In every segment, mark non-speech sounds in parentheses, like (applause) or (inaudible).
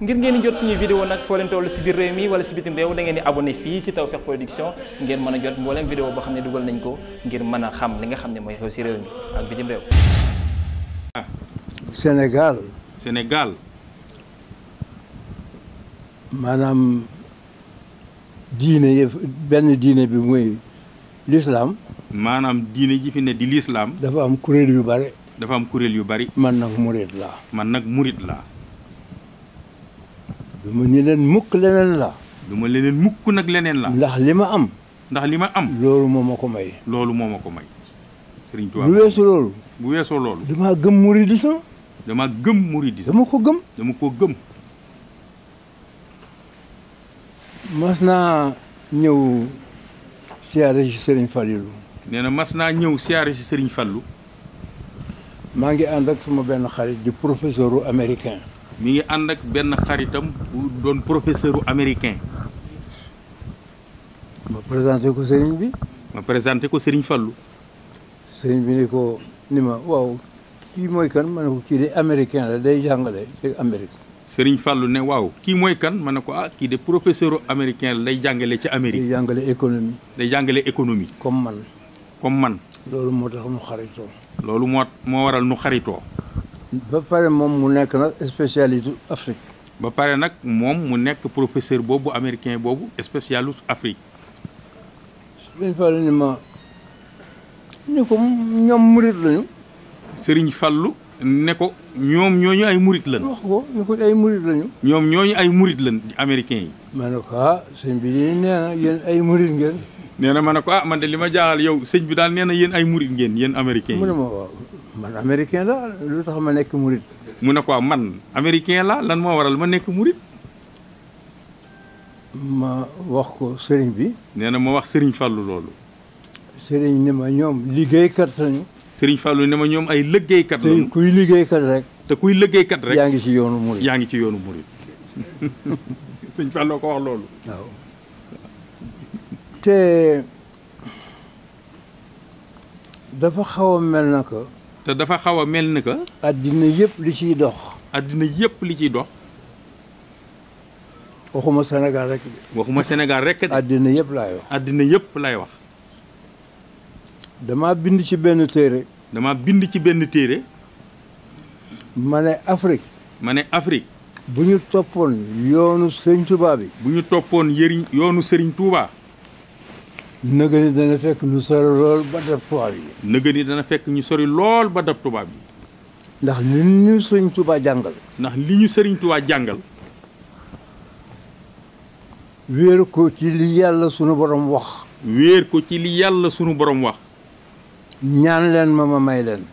ngir ngeen di jot suñu vidéo nag foo leen toll si biir réew mi wala si bitim réew da ngeen di abonné fii si Tawfekh Production ngeen mën a jot mbooleem vidéo boo xam ne dugal nañ ko ngir mën a xam li nga xam ne mooy xew si réew mi ak bitim réew. Sénégal. Sénégal. maanaam diine yëf bi muy l'islam. maanaam diine ji fi ne di l'islam. dafa am kuréel yu bari dafa am kuréel yu bari. man nag murid laa. man nag murid laa. du ma leen mukk leneen la duma leneen mukk nag leneen la ndax li ma am ndax li ma am loolu moo ma ko may loolu moom ma ko may sëriñ Tuubaa bu weesu loolu bu weesoo loolu damaa gëm mouridisme damaa gëm mouridisme dama ko gëm dama ko gëm mas naa ñëw siyaare ci sëriñ Fallou nee na mas naa ñëw siyaare ci sëriñ Fallou maa ngi ànd ak suma benn xarit di professeur américain mi ngi ànd ak benn xaritam bu doon professeur américain. ma présenté ko sëriñ bi. ma présenté ko sëriñ Fallou. sëriñ bi ni ko ni ma waaw kii mooy kan ma ne ko kii de américain day jàngale ci Amérique. ne waaw kii mooy kan ma ne ko ah kii de professeur américain la day jàngale ci Amérique. day jàngale économie. day jàngale économie. comme man. comme man. loolu moo tax nu xaritoo. loolu moo moo waral nu xaritoo. ba pare moom mu nekk nag spécialiste Afrique. ba pare nag moom mu nekk professeur boobu américain boobu spécialiste Afrique. Sëriñ ni ma ne ko ñoom murit lañu. Sëriñ Fallu ne ko ñoom ñooñu ay murit lañu. wax ko ne ko ay murit lañu. ñoom ñooñu ay murit lañu américain yi. ma ne ko ah sëñ bi nee na yéen ay murit ngeen. nee na ma ko ah man de li ma jaaxal yow sëñ bi daal nee na yéen ay murit ngeen yéen américain yi. mu ne man américain la lu tax ma nekk murit mu ne ko ah, man americain la lan moo waral ma nekk murit ma wax ko sëriñ bi nee na ma wax sëriñ Fallou loolu sëriñ ni ma ñoom liggéeykat lañu sëriñ Fallou ne ma ñoom ay liggéeykat lañu te kuy liggéeykat rek te kuy liggéeykat rek yaa ngi ci yoonu murit yaa ngi ci yoonu murit (laughs) sëriñ Fallou ko wax loolu waaw te dafa xaw mel na ko te dafa xaw a mel ni que. àddina yëpp li ciy dox. àddina yëpp li ciy dox. waxuma Sénégal rek. waxuma Sénégal rek. addina yëpp laay wax. addina yëpp laay wax. dama bind ci benn téere. dama bind ci benn téere. ma ne Afrique. ma ne Afrique. bu ñu toppoon yoonu Sëriñ Touba bi. bu ñu toppoon yoonu Sëriñ tuubaa nëga ni dana fekk ñu sori lool ba dab tubaab yi dana fekk ñu sori lool ba tubaab ndax li ñu sëriñ tubaa jàngal ndax li ñu sëriñ tubaa jàngal wéer ko ci li yàlla sunu wax wéer ko ci li yàlla sunu borom wax ñaan leen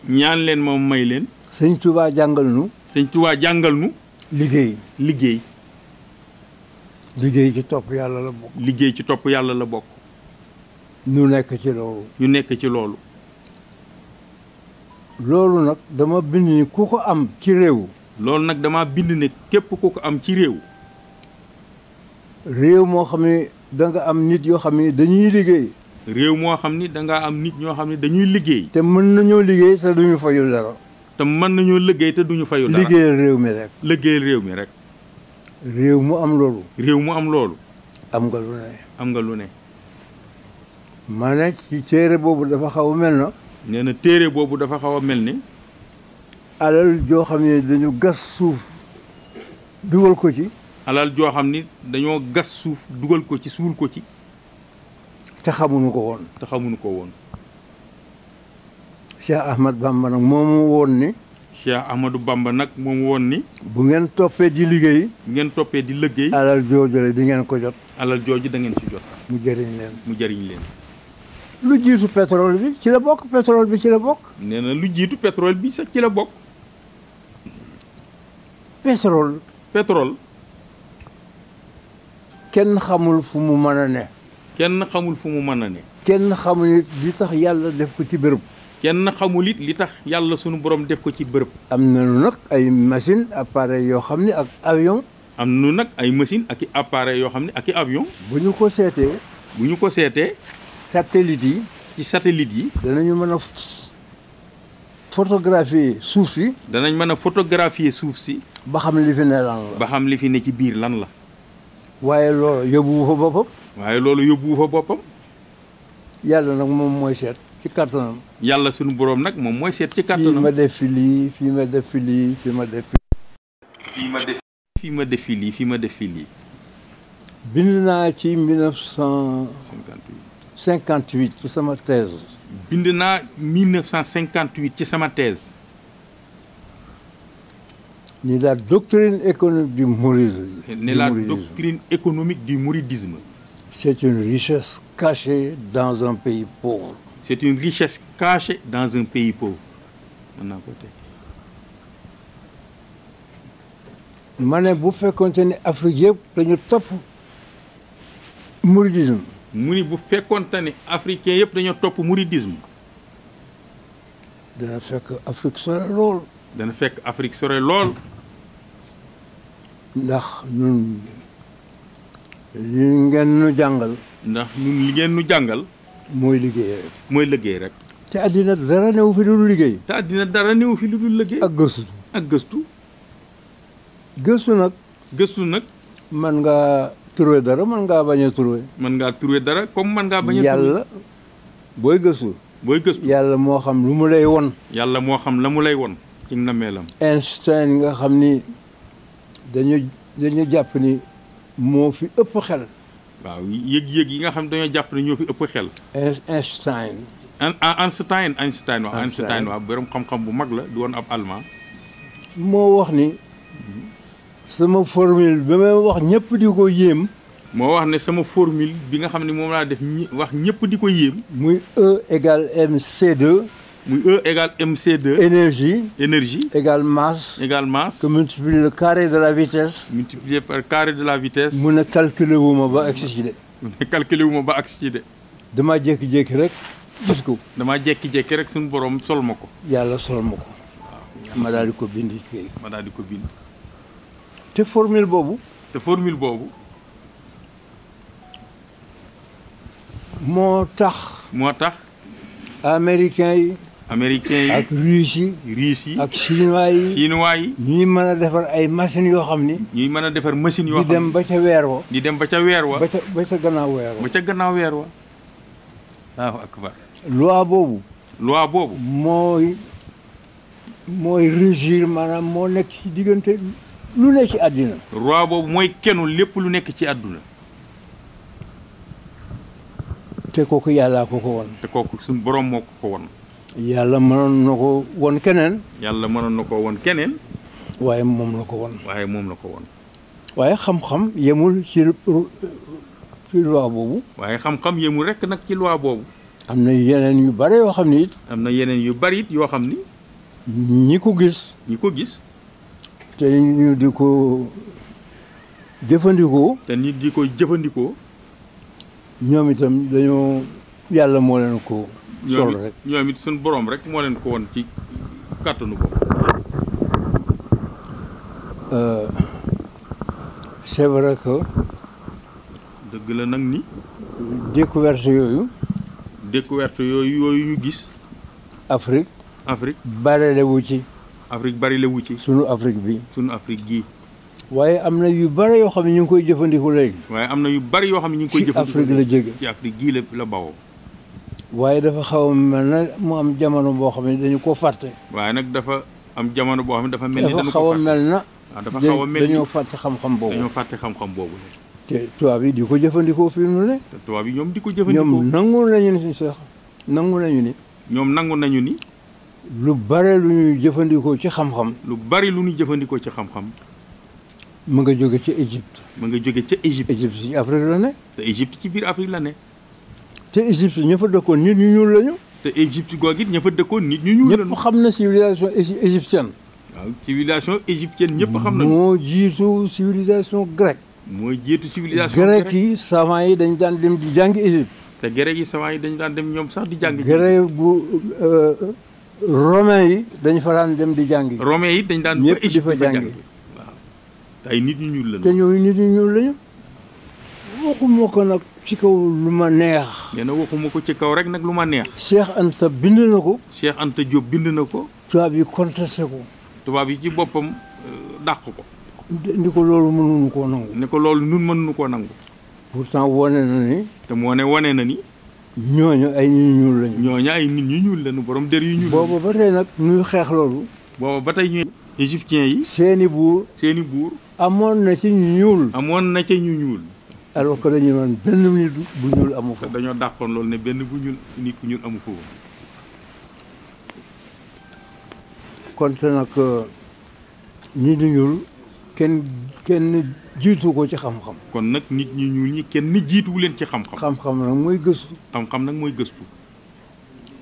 ñaan leen ma may leen sëñ tubaa jàngal nu jàngal nu liggéey liggéey liggéey ci topp yàlla la bokk liggéey ci topp yàlla la bokk ñu nekk ci loolu. ñu nekk ci loolu. loolu nag dama bind ni ku ko am ci réew. loolu nag dama bind ne képp ku ko am ci réew. réew moo xam ne da am nit yoo xam ne dañuy liggéey. réew moo xam ni da am nit ñoo xam ne dañuy liggéey. te mën nañoo liggéey te duñu fayu dara. te mën nañoo liggéey te duñu fayu dara liggéeyal réew mi rek. liggéeyal réew mi rek. réew mu am loolu. réew mu am loolu. am nga am nga lu ne. ma ci téere boobu dafa xaw a mel na nee na téere boobu dafa xaw a mel ni alal joo xam ne dañu gas suuf dugal ko ci alal joo xam ni dañoo gas suuf dugal ko ci suul ko ci te xamuñu ko woon te xamuñu ko woon Cheikh Ahmad Bamba nag moomu woon ni Cheikh Ahmadou Bamba nag moom woon ni bu ngeen toppee di liggéey bu ngeen toppee di liggéey alal jooju la di ngeen ko jot alal jooju da ngeen ci jot mu jëriñ leen mu jëriñ leen lu jiitu pétrole bi ci la bokk pétrole bi ci la bokk. nee na lu jiitu pétrole bi sax ci la bokk. pétrole. kenn xamul fu mu mën a ne. kenn xamul fu mu mën a ne. kenn xamul it li tax yàlla def ko ci bërëb. kenn xamul it li tax yàlla sunu borom def ko ci bërëb. am nañu nag ay machine appareil yoo xam ne ak avion. am nañu nag ay machine ak i appareil yoo xam ne ak i avion. bu ñu ko seetee. bu ñu ko seetee. satellite yi. ci satelite yi. danañu mën a photographier suuf si. danañ mën a fotografie suuf si. ba xam li fi ne lan la. ba xam li fi ne ci biir lan la. waaye loolu yóbbuwu fa boppam. waaye loolu yóbbuwu fa boppam. yàlla nag moom mooy seet ci kattanam. yàlla sunu boroom nag moom mooy seet ci kattanam. fii ma def fi lii fii ma def fi lii fii ma def ma def fi lii fii ma def lii. bind naa ci 1958. 58 ci sama thèse. bind naa 1958 ci sama thèse. ni la doctrine économique du mouridisme. ni la doctrine économique du mouridisme. c'est une richesse cachée dans un pays pauvre. c'est une richesse cachée dans un pays pauvre. ma ne bu fekkoonte ne Afrique yëpp dañu topp mu ni bu fekkoonte ne africain yëpp dañoo topp mouridisme dana fekk Afrique sore lool dana fekk Afrique sore lool ndax ñun li ngeen nu jàngal ndax ñun li ngeen nu jàngal mooy liggéey mooy liggéey rek te àddina dara newu fi lu dul liggéey te àddina dara newu fi lu dul liggéey ak gëstu ak gëstu nag gëstu nag man nga trouvé dara mën ngaa bañ a trouvé. mën ngaa trouvé dara comme mën ngaa bañ a. yàlla booy gësu booy gëstu yàlla moo xam lu mu lay won. yàlla moo xam la mu lay won. ci nameelam. Einstein nga xam ni dañu dañu jàpp ni moo fi ëpp xel. waaw yëg-yëg yi nga xam dañoo jàpp ne ñoo fi ëpp xel. Einstein. Ah, Einstein Einstein waaw Einstein waaw borom xam-xam bu mag la du woon ab allemand. moo wax ni. sama formule bi may wax ñëpp di ko yéem. moo wax ne sama formule bi nga xam ne moom laa def wax ñëpp di ko yéem. muy E égale mc muy E égale MC2. énergie. énergie égale masse. égale masse. que multiplier le carré de la vitesse. multiplier par de la vitesse. mu ne calculer wu ma ba agsi ci de. mu ne calculer wu ma ba ak ci de. damaa jékki-jékki rek gis ko. damaa jékki-jékki rek suñu borom sol ma ko. yàlla sol ma ko. waaw ma daal di ko bind. ma ko bind. te formule boobu. te formil boobu. moo tax. moo tax. américains yi. américains yi ak russe yi. russe yi ak chinois yi. chinois yi. ñuy mën a defar ay machines yoo xam ni. ñuy mën a defar machines yoo xam ni di dem ba ca weer wa. di dem ba ca weer wa. ba ca ca gannaaw weer wa. ba loi boobu. loi boobu. mooy mooy régir maanaam moo nekk ci diggante. lu ne ci àddina roi boobu mooy kenu lépp lu nekk ci àdduna te kooku yàllaa ko ko won te kooku suñu borom moo ko ko won yàlla mënoon na ko won keneen yàlla mënoon na ko won keneen waaye moom la ko won waaye moom la ko won waaye xam-xam yemul ci ci boobu waaye xam-xam yemul rekk nag ci loi boobu am na yeneen yu bare yoo xam ni it am na yeneen yu bari it yoo xam ni ñi ko gis ñi ko gis te ñu di ko jëfandikoo. te nit di ko jëfandikoo. ñoom itam dañoo yàlla moo leen ko. sol rek ñoom it suñu borom rek moo leen ko woon ci kàttanu boobu. Euh, c'est vrai dëgg la nag ni. découverte yooyu. découverte yooyu yooyu ñu gis. Afrique. Afrique. bare ci. Afrique bari la wu ci. sunu Afrique bi. sunu Afrique gii. waaye am na yu bari yoo xam ne ñu ngi koy jëfandiku léegi. waaye am na yu bari yoo xam ne ñu ngi koy. jëfandiku ci Afrique la gii la la bawoo. waaye dafa xaw a mel na mu am jamono boo xam ne dañu koo fàtte. waaye nag dafa am jamono boo xam ne dafa mel ni dañu ko fàtte dafa mel na. dafa xaw a mel ni dañoo fàtte xam-xam boobu dañoo fàtte xam boobu. te tubaab yi di ko jëfandikoo fi mu ne. tubaab yi ñoom di ko jëfandikoo ñoom nangu nañu ni sax nangu nañu ni. ñoom nangu nañu ni. lu bare lu ñuy jëfandikoo ci xam-xam. lu bari lu ñuy jëfandikoo ci xam-xam. mu nga jóge ca Égypte. mu nga jóge ca Égypte. Égypte ci Afrique la ne. te Égypte ci biir Afrique la ne. te Égypte ña fa dëkkoon nit ñu ñuul lañu. te Égypte googu it ña fa dëkkoon nit ñu ñuul lañu. ñëpp xam na civilisation égyptienne. waaw civilisation égyptienne ñëpp xam nañu. moo jiitu civilisation grecque. moo jiitu civilisation grecque yi savant yi dañu daan dem di jàngi Égypte. te grec yi savant yi dañu daan dem ñoom sax di jàngi. grec bu. romain yi dañ fa daan dem di jàngi. romain yi dañ daan ñëpp di fa nit ñu ñuul lañu. te nit ñu ko nag ci kaw lu ma neex. nee ko ci kaw rek nag lu ma neex. Cheikh Anta bind na ko. Cheikh Anta Diop bind na ko. tubaab yi contesté ko. tubaab yi ci boppam euh, dàq ko. ni ko loolu mënuñu koo nangu. ni ko loolu nun mënuñu koo nangu. pourtant wane na ni. te moo ne wane na ni. ñooñu ay nit ñu ñuul lañu. ñooñu ay nit ñu ñuul lañu borom der yu ñuul. boobu ba tey nag ñuy xeex loolu. boobu ba tey ñu. égyptiens yi. seeni buur seeni buur. amoon na ci ñu ñuul. amoon na ci ñu ñuul. alors que dañu naan benn bu ñuul amu foofu. dañoo dàqoon loolu ne benn bu ñuul nit ñu amu foofu. kon euh, ñuul. kenn kenn jiitu ko ci xam-xam. kon nag nit ñi ñuul ñi kenn jiituwu leen ci xam-xam. nag mooy gëstu. xam-xam nag mooy gëstu.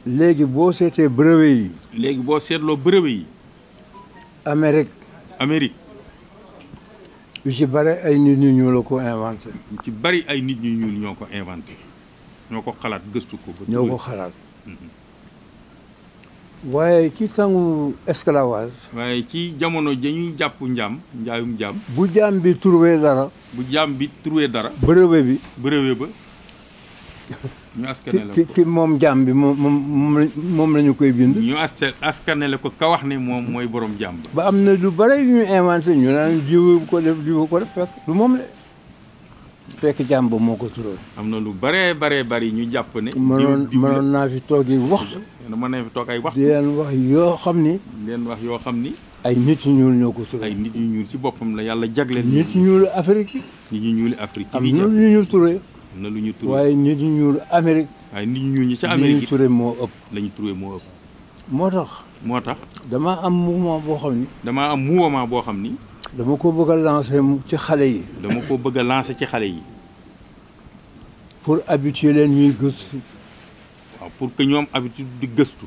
léegi boo seetee brevet yi. léegi boo seetloo brevet yi. Amérique. Amérique. yu ci bare ay nit ñu ñuul la ko inventé. yu ci bari ay nit ñu ñuul ñoo ko inventé ñoo ko xalaat gëstu ko. ñoo ko xalaat. Mhm. waaye ci tàngu esclavage. waaye ci jamono dañuy jàpp njaam njaayum jaam. bu jaam bi trouvé dara. bu jaam bi trouvé dara. brevet bi brevet ba. ñu askanale ko ki moom jaam bi moom moom moom la koy bind. ñu askanale ko kawax wax ne moom mooy borom jaam ba. am na lu bare yu ñu inventé ñu naan jiwu ko def jiwu ko def fekk moom la. fekk jàmba moo ko turóon am na lu bëree baree bëri ñu jàpp ne mënoon mënoon naa fi toog yi waxtu mën naa fi toog ay waxtu di leen wax yoo xam ni leen wax yoo xam ni ay nit ñu ñuul ñoo ko turóon ay nit ñu ñuul ci boppam la yàlla jagleen nit ñu ñuul Afrique nit ñu ñuul Afrique am na lu ñu turé am na lu ñu turé waaye nit ñu ñuul Amérique waaye nit ñu ñuul ñi ca Amérique moo ëpp la ñu moo ëpp moo tax moo tax damaa am mouvement boo xam ni damaa am mouvement boo xam ni dama ko bëgg a lancer ci xale yi. dama ko bëgg a ci xale yi. pour habituer leen ñuy gëstu. waaw pour que ñoom habitude di gëstu.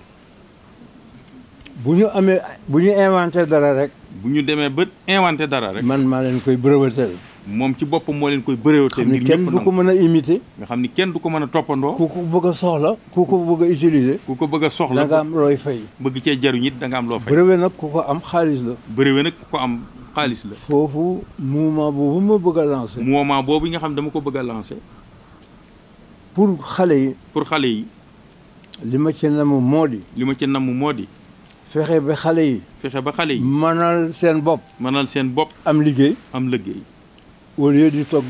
bu ñu amee bu ñu inventé dara rek. bu ñu demee ba inventé dara rek. man maa leen koy brevetel. moom ci boppam moo leen koy brevetel. ngir ñëpp kenn du ko mën a imiter. nga xam ne kenn du ko mën a toppandoo. ku ko bëgg a soxla ku ko bëgg a ku ko bëgg a soxla da am looy fay. bëgg cee jaruñ it danga am loo fay. brevet nag ku ko am xaalis la. brevet nag ku ko am. xaalis la. foofu mouvement boobu ma bëgg a lancer. mouvement boobu nga xam dama ko bëgg a lancer. pour xale yi. pour xale yi. li ma ci namm moo di. li ma ci namm moo di. fexe ba xale yi. fexe ba xale yi. mënal seen bopp. mënal seen bopp. am liggéey am liggéey. au lieu di toog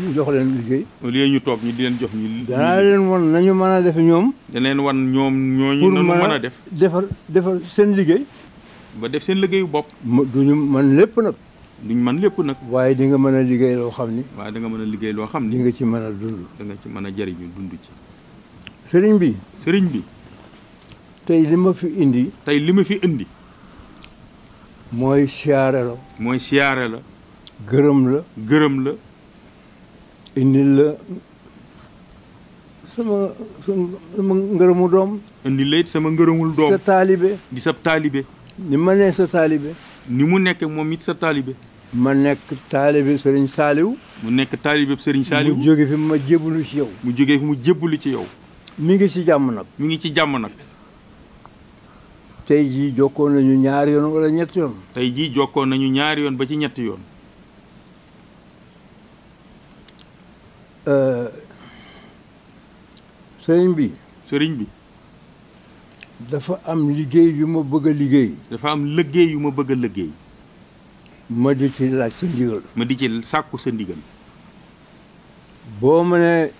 ñu jox leen liggéey. au lieu ñu toog ñu di leen jox ñu. danaa leen wan nañu mën a def ñoom. dana leen wan ñoom ñoo ñu mën a def pour mën defar defar seen liggéey. ba def seen liggéeyu bopp. duñu man lépp nag. duñ man lépp nag. waaye di nga mën a liggéey loo xam ni. waaye da mën a liggéey loo xam ni. di nga ci mën a dund. da ci mën a jëriñu dund ci. sëriñ bi. sëriñ bi. tey li ma fi indi. tey li ma fi indi. mooy siyaare la. mooy siyaare la. gërëm la. gërëm la. indi la sama sama ngërëmu doom. indil la it sama ngërëmul doom. sa taalibe di sa taalibe. ni ma nee sa taalibe ni mu nekk moom it sa taalibe ma nekk taalibe sëriñ saaliw mu nekk taalibe sëriñ saaliw mu jóge fi ma jébbalu ci yow mu jóge fi mu jébbalu ci yow mi ngi ci jàmm nag mi ngi ci jàmm nag tey jii jokkoon nañu ñaar yoon wala ñetti yoon tey jii jokkoon nañu ñaari yoon ba ci ñetti yoon euh, sëriñ bi sëriñ bi dafa am liggéey yu ma bëgg a liggéey. dafa am liggéey yu ma bëgg a liggéey. ma di ci laaj sa ndigal. ma di ci sàkku sa ndigal. boo ma nee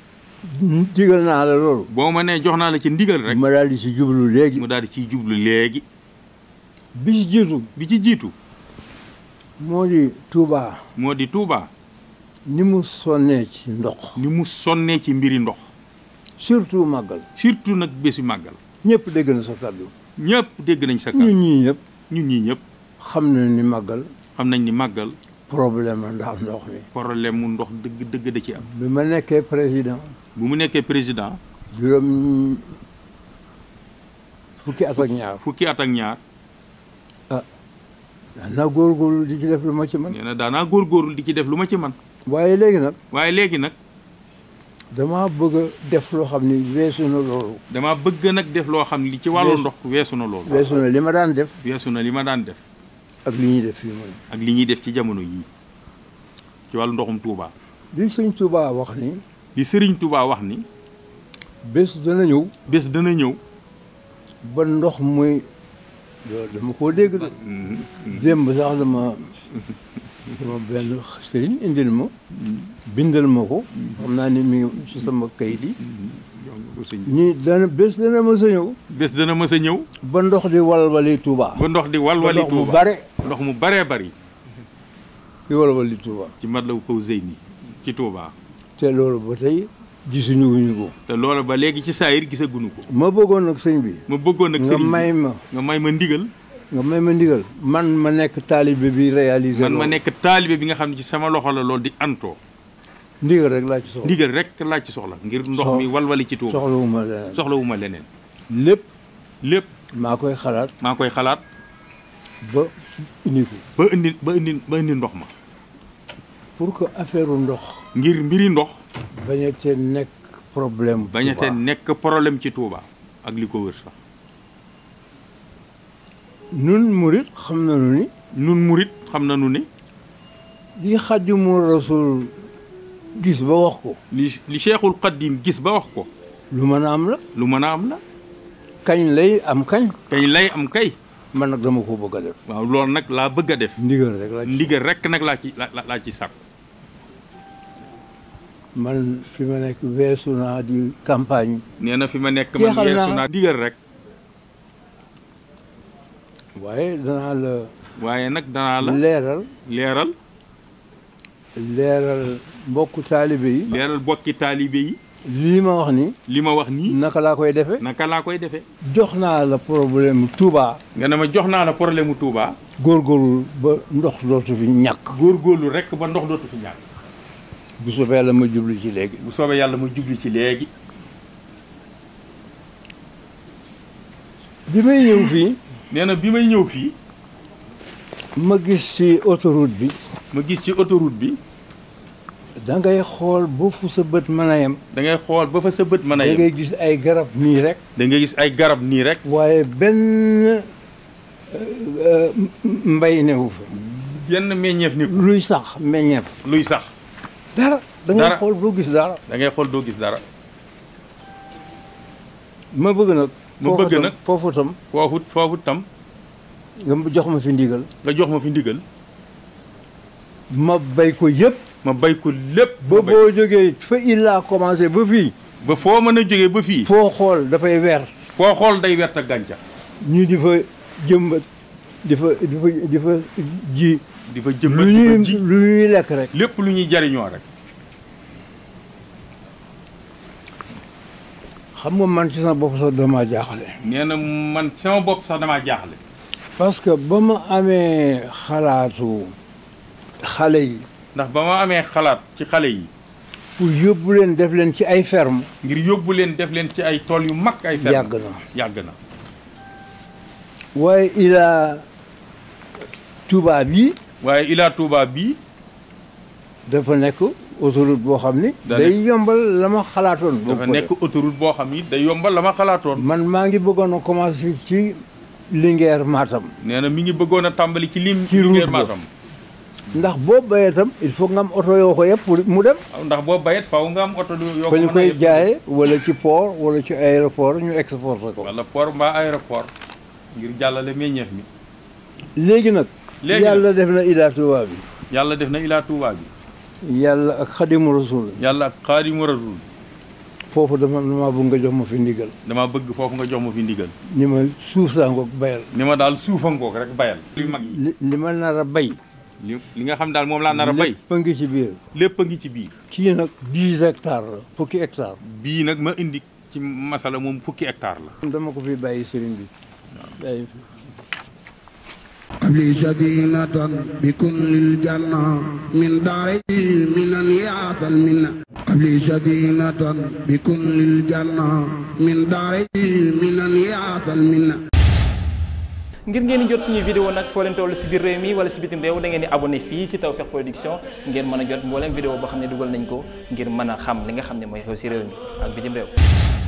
digal naa la loolu. boo ma nee jox naa la ci ndigal rek. ma daal di ci jublu léegi. mu daal di ciy jublu léegi. bi ci jiitu. bi ci moo di Touba. moo di Touba. ni mu sonnee ci ndox. ni mu sonnee ci mbiri ndox. surtout màggal. surtout nag bési màggal. ñépp dégg na sa kàddu. ñëpp dégg nañ sa kàddu ñun ñii ñëpp. ñun ñii ñëpp. xam nañ ni màggal. xam nañ ni màggal. problème ndax ndox mi. problème mu ndox dëgg dëgg da ci am. bi ma nekkee président. bi mu nekkee président. juróom fukki at ak ñaar fukki at ak ñaar. ah daanaa góorgóorlu di ci def lu ma ci man nee na góor góorgóorlu di ci def lu ma ci man waaye léegi nag. waaye léegi nag. dama bëgg def loo xam ni weesu na loolu. dama bëgg nag def loo xam ni ci wàllu ndox weesu na loolu. weesu na li ma daan def. weesu na li ma daan def. ak li ñuy def fii mooy. ak li ñuy def ci jamono yii ci wàllu ndoxum Touba. li wax ni. li sëriñ Touba wax ni. bés dana ñëw. bés dana ñëw. ba ndox muy dama koo dégg de. Mm-hmm. démb sax dama. sama benn sëriñ indil ma bindal ma ko xam naa ni mi ci sama kayit yi ñi dana bés dana mës a ñëw bés dana mës a ñëw ba ndox di walwali Touba ba ndox di walwali Touba mu bare ndox mu baree bari di walwali Touba ci matlaw kaw Zeyni ci Touba te loolu ba tey gisuñu wuñu ko te loolu ba léegi ci saayir gisaguñu ko ma bëggoon nag sëñ bi ma bëggoon nag sëñ bi nga may ma nga may ma ndigal nga may ma ndigal man ma nekk taalibe bi réalisé man ma nekk taalibe bi nga xam ne ci sama loxo la loolu di antoo ndigal rek laa ci soxla ndigal rek laaj ci soxla ngir ndox mi walwali ci Tuuba soxlawuma leneen soxlawuma leneen lépp lépp maa koy xalaat maa koy xalaat ba indi ba indi ndox ma pour que affaire ndox ngir mbiri ndox baña te nekk problème baña te nekk problème ci Tuuba ak li ko wër sax nun murit xam nañu ni. nun murit xam nañu ni. li xadimu rasul gis ba wax ko. li li cheikhul gis ba wax ko. lu mën a am la. lu mën a am la. kañ lay am kañ. kañ lay am kay. man nag dama ko bëgg def. waaw lool nag laa bëgg a def. ndigal rek laa ci ndigal rek nag laa ci laa ci sàkk. man fi ma nekk weesu naa di campagne. nee na fi ma nekk man weesu naa ndigal rek. waaye danaa la. waaye nag danaa leeral. leeral. leeral mbokku taalibe yi. leeral mbokki taalibe yi. lii ma wax ni li ma wax nii. naka laa koy defe naka laa koy defe jox naa la problème tuubaa nga ne ma jox naa la problème mu Touba. góorgóorlu ba ndox dootu fi ñàkk. góor góor lu rekk ba ndox dootu fi ñàkk. bu soobee yàlla ma jublu ci léegi. bu soobee yàlla ma jublu ci léegi. bi may ñëw fii. nee na bi may ñëw fii. ma gis ci autoroute bi. ma gis ci autoroute bi. da ngay xool ba fu sa bët mën da ngay xool ba fa sa bët mën a ngay gis ay garab nii rek. dangay gis ay garab nii rek. waaye benn euh, mbay newu fa. benn meññeef ni luy sax meññeef. luy sax. dara da ngay xool doo gis dara. dangay xool doo gis dara. ma bëgg nag. mu bëgg nag foofu tam foofu foofu tam nga jox ma fi ndigal nga jox ma fi ndigal ma bay ko yëpp ma bay ko lépp ba boo jógee fa illaa a commencé ba fii ba foo mën a jógee ba fii foo xool dafay weer foo xool day wert ak gàncax ñu di fa jëmbat di fa di fa di fa ji di fa jëmbat lu ñuy lekk rek lépp lu ñuy jariñoo rek xam nga man ci sama bopp sax damaa jaaxle. nee man ci sama bopp sax damaa jaaxle. parce que ba ma amee xalaatu xale yi. ndax ba ma amee xalaat ci xale yi. pour yóbbu leen def leen ci ay ferme ngir yóbbu leen def leen ci ay tool yu mag ay ferme yàgg na yàgg na. waaye ilaa Touba bii. waaye ilaa Touba bii. dafa nekk. autoroute boo xam ni. day yombal la ma xalaatoon. dafa nekk autoroute boo xam ni day yombal la ma xalaatoon. man maa ngi bëggoon a commencer ci Linguère Matam. nee na mi ngi bëggoon a tàmbali ci lim. ci Linguère Matam. ndax boo bayee itam il faut nga am oto yoo ko yëpp mu dem. ndax boo bayee faaw nga am oto yoo ko mën a yëpp fa ñu koy jaayee wala ci port wala ci aéroport ñu exporté ko. wala port mbaa aéroport ngir jàllale meññeef mi. léegi nag. léegi nag yàlla def na Ila Touba bi. yàlla def na Ila Touba bi. yàlla ak xadimu rasul. yàlla ak xadimu rasul. foofu dama damaa bëgg nga jox ma fi ndigal. damaa bëgg foofu nga jox ma fi ndigal. ni ma suuf saa ngoog bayal. ni ma daal suufa ngoog rek bayal. li mag ma nar a bay. li nga xam daal moom laa nar a bay lépp ngi ci biir. lépp a ngi ci biir. kii nag dix hectares la fukki hectares. bii nag ma indi ci masala moom fukki hectares la. dama ko fi bàyyi sëriñ bi. waaw لي سكينة بكن للجنة من داري من يعطى المنة قبلي سكينة بكن للجنة من داري من يعطى المنة ngir ngeen di jot suñuy vidéo nag foo leen toll si biir réew mi wala si bitim réew dangeen ngeen di abonné fii si taw Tawfekh Production ngeen mën a jot mbooleem vidéo boo xam ne dugal nañ ko ngir mën xam li nga xam ne mooy xew si réew mi ak bitim réew